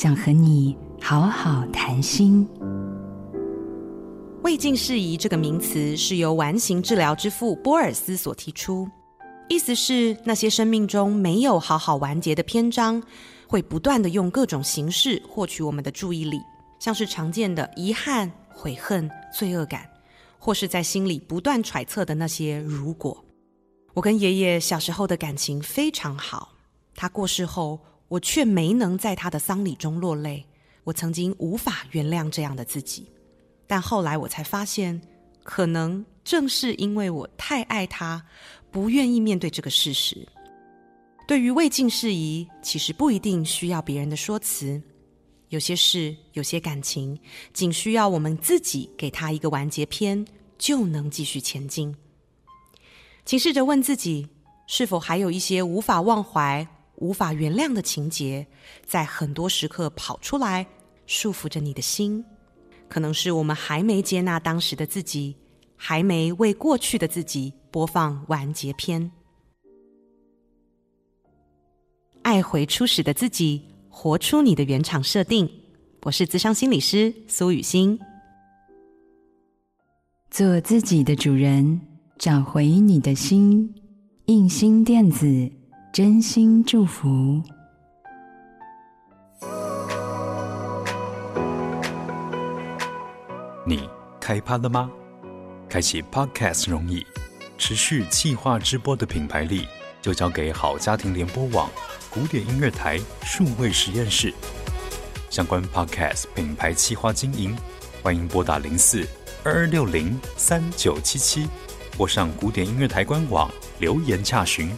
想和你好好談心。未盡事宜這個名詞是由完形治療之父波爾斯所提出，意思是那些生命中沒有好好完結的篇章，會不斷地用各種形式獲取我們的注意力，像是常見的遺憾、悔恨、罪惡感，或是在心裡不斷揣測的那些如果。我跟爺爺小時候的感情非常好，他過世後，我卻沒能在他的喪禮中落淚。我曾經無法原諒這樣的自己，但後來我才發現，可能正是因為我太愛他，不願意面對這個事實。對於未竟事宜，其實不一定需要別人的說辭。有些事，有些感情，僅需要我們自己給他一個完結篇，就能繼續前進。請試着問自己，是否還有一些無法忘懷無法原諒的情節，在很多時刻跑出來，束縛着你的心。可能是我們還沒接納當時的自己，還沒為過去的自己播放完結篇。愛回初始的自己，活出你的原廠設定。我是諮商心理師蘇予昕，做自己的主人，找回你的心。映興電子。真心祝福。你開趴了嗎？開啟 Podcast 容易，持續企劃直播的品牌力就交給好家庭聯播網、古典音樂台、數位實驗室。相關 Podcast 品牌企劃經營，歡迎撥打零四二二六零三九七七，或上古典音樂台官網留言洽詢。